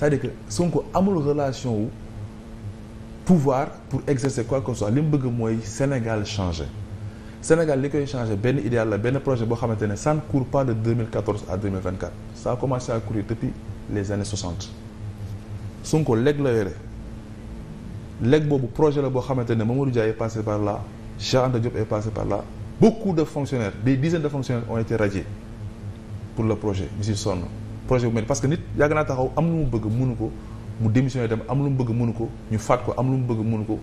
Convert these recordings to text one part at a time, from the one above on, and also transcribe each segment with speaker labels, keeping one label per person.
Speaker 1: c'est-à-dire que Sonko amul relation wu pouvoir pour exercer quoi que ce li mu bëgg mooy Sénégal changé Sénégal li koy changé benn idéal la benn projet boo xamante ne ça ne court pas de 2014 à 2024 ça a commencé à courir depuis les années 60 Sonko léeg la yore léeg boobu projet la boo xamante ne Mamadou Dia est passé par là Cheikh Anta Diop est passé par là beaucoup de fonctionnaires des dizaines de fonctionnaires on été radiés pour le projet monsieur Sonn projet bu parce que nit yàgg naa taxaw am lu mu bëgg mënu ko mu démissionné dem am lu mu bëgg mënu ko ñu faat ko am lu mu bëgg mënu ko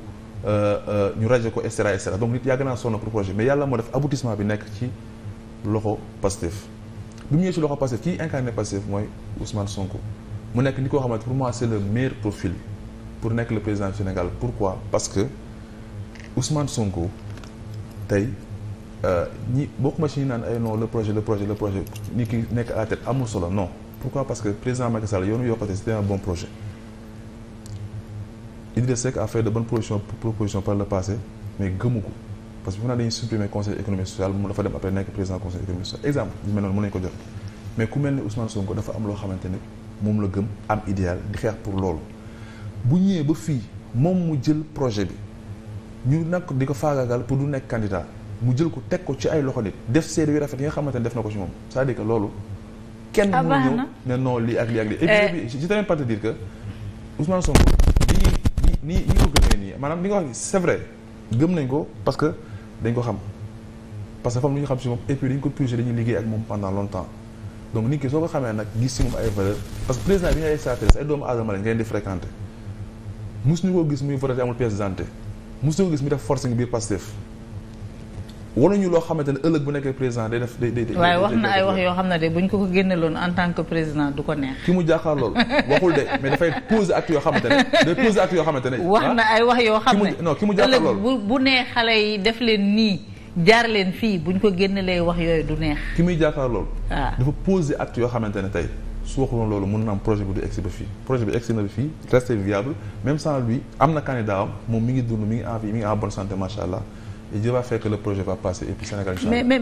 Speaker 1: euh, euh, ñu rajo ko et cetera et cetera donc nit yàgg naa sonn pour projet mais yàlla moo def aboutissement bi nekk ci loxo Pastef bi mu ñëwee ci loxo Pastef kii incarné Pastef mooy Ousmane Sonko mu nekk ni koo xamante pour moi c'est le meilleur profil pour nekk le président du Sénégal pourquoi parce que Ousmane Sonko tey Euh, ñi bokkuma ci ñu naan ay eh non le projet le projet le projet ñi ki nekk à la amul solo non pourquoi parce que président Macky Sall yoonu yokkate c'était un bon projet Idriss Seck a fait de bonnes propositions propositions par le passé mais gëmu ko parce que bu naa dañuy supprimer conseil économique social mu dafa dem après nekk président conseil économique social exemple mel noonu mën nañu ko jox mais ku mel ne Ousmane Sonko dafa am loo xamante ne moom la gëm am idéal di xeex pour loolu bu ñëwee ba fii moom mu jël projet bi ñu nag di ko faagaagal pour du nekk candidat mu jël ko teg ko ci ay loxo nit def seede yu rafet yi nga xamante ne def na ko ci moom c'est-à-dire que loolu. kenn ah, mënu ne noonu lii ak lii ak lii. et puis euh. je tiens pas te dire que Ousmane Sonko nii nii nii ko gëmee nii maanaam li nga wax c'est vrai gëm nañ ko parce que dañ ko xam parce que fam lu ñu xam si moom et puis dañ ko purgé dañuy liggéey ak moom pendant longtemps. donc nit ki soo ko xamee nag gis si moom ay valeur parce que président bi ñu ay stratégie ay doomu aadama gis muy voté amul pièce d'identité gis muy def forcing biir Pastef wanuñu loo xamante ne ëllëg bu nekkee président day def day day. waaye wax na ay wax yoo xam ne de buñ ko ko génneeloon en tant que président du ko neex. ki mu jàkkaar loolu waxul de mais dafay poser acte yoo xamante ne day poser acte yoo xamante ne. wax na ah, ay wax yoo xam ne non ki mu jàkkaar loolu ëllëg bu bu nee xale yi def leen nii. jaar leen fii buñ ko génnelee wax yooyu du neex. ki muy jàkkaar loolu. waaw ah. dafa poser acte yoo xamante ne tey su waxuloon loolu mën na am projet bi du egsi ba fii projet bi egsi na ba fii resté viable même sans lui am na candidat am moom mi ngi dund mi ngi en vie mi ngi en bonne santé macha allah il va faire que le projet va pa et puis Sénégal change.